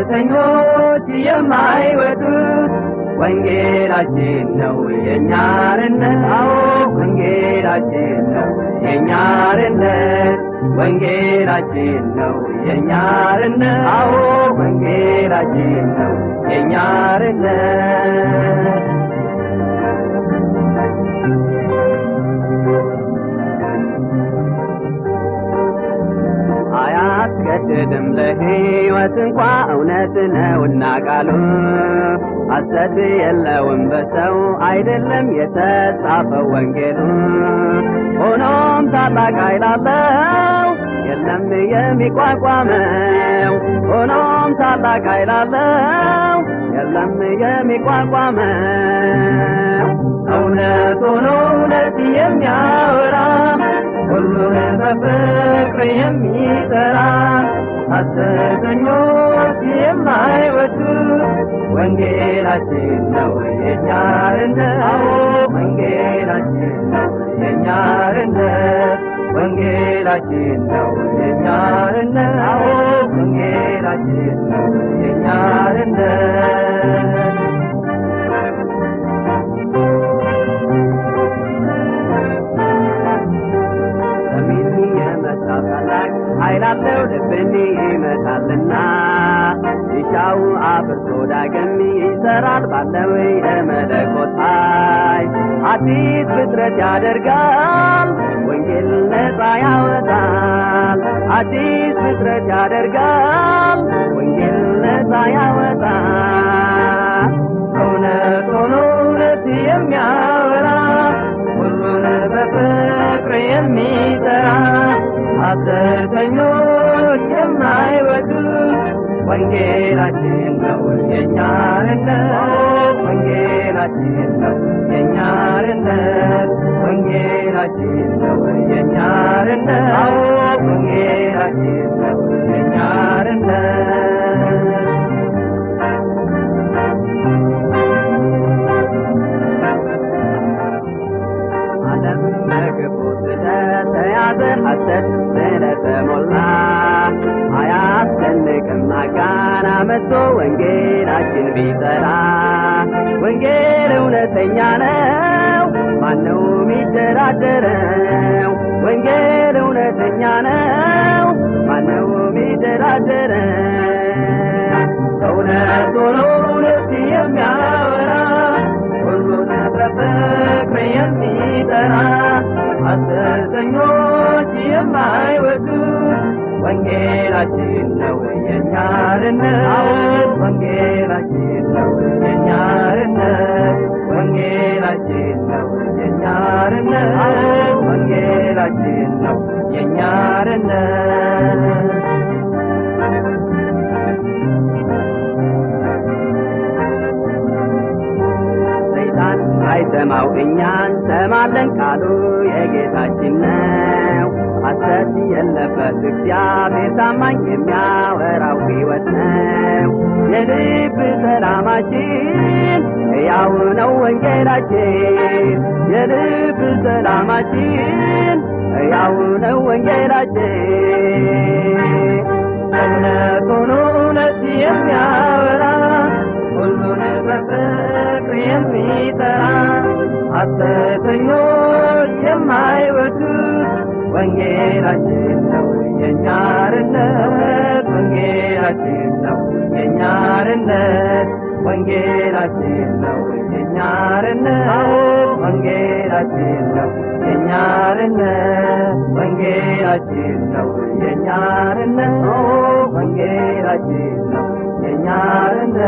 ሐሰተኞች የማይወጡት ወንጌላችን ነው የኛርነ አዎ ወንጌላችን ነው የእኛ ወንጌላችን ነው የእኛ አዎ ወንጌላችን ነው የኛርነ ሞት እንኳ እውነት ነውና ቃሉ አሰት የለውም በሰው አይደለም የተጻፈው ወንጌሉ። ሆኖም ታላቅ ኃይል አለው የለም የሚቋቋመው። ሆኖም ታላቅ ኃይል አለው የለም የሚቋቋመው። እውነት ሆኖ እውነት የሚያወራ ሁሉን በፍቅር የሚጠራ ሐሰተኞች የማይወዱ ወንጌላችን ነው የኛ አርነት፣ ወንጌላችን ነው የኛ አርነት፣ ወንጌላችን ነው የኛ አርነት፣ ወንጌላችን ነው የኛ ወንጌላችን ነው የኛ አርነት ወንጌላችን ነው የኛ በርቶ ዳግም ይሰራል ባለው የመለኮት ኃይል አዲስ ፍጥረት ያደርጋል ወንጌል ነፃ ያወጣል አዲስ ፍጥረት ያደርጋል ወንጌል ነፃ ያወጣል ወንጌላችን ነው የእኛ ወንጌላችን ነው የእኛ ወንጌላችን ነው የእኛ ወንጌላችን ልባችን ቢጠራ ወንጌል እውነተኛ ነው ማነው የሚደራደረው ወንጌል እውነተኛ ነው ማነው የሚደራደረው እውነት ሆኖ እውነት የሚያወራ ሁሉ በፍቅር የሚጠራ አሰተኞች የማይ ወንጌላችን ነው የኛ ወንጌላችን ነው የኛ ወንጌላችን ነው የኛርነት አርነት ወንጌላችን ነው የኛ ሰይጣን አይሰማው እኛ እንሰማለን ቃሉ የጌታችን ነው እንደዚህ የለበት እግዚአብሔር ታማኝ የሚያወራው ሕይወት ነው የልብ ሰላማችን ሕያው ነው ወንጌላችን የልብ ሰላማችን ሕያው ነው ወንጌላችን እምነት ሆኖ ወንጌላችን ነው የኛርነት አርነት ወንጌላችን ነው የኛርነት አርነት ወንጌላችን ነው የኛርነት አርነት ወንጌላችን ነው የእኛ ወንጌላችን ነው የኛርነት አርነት ወንጌላችን ነው የእኛ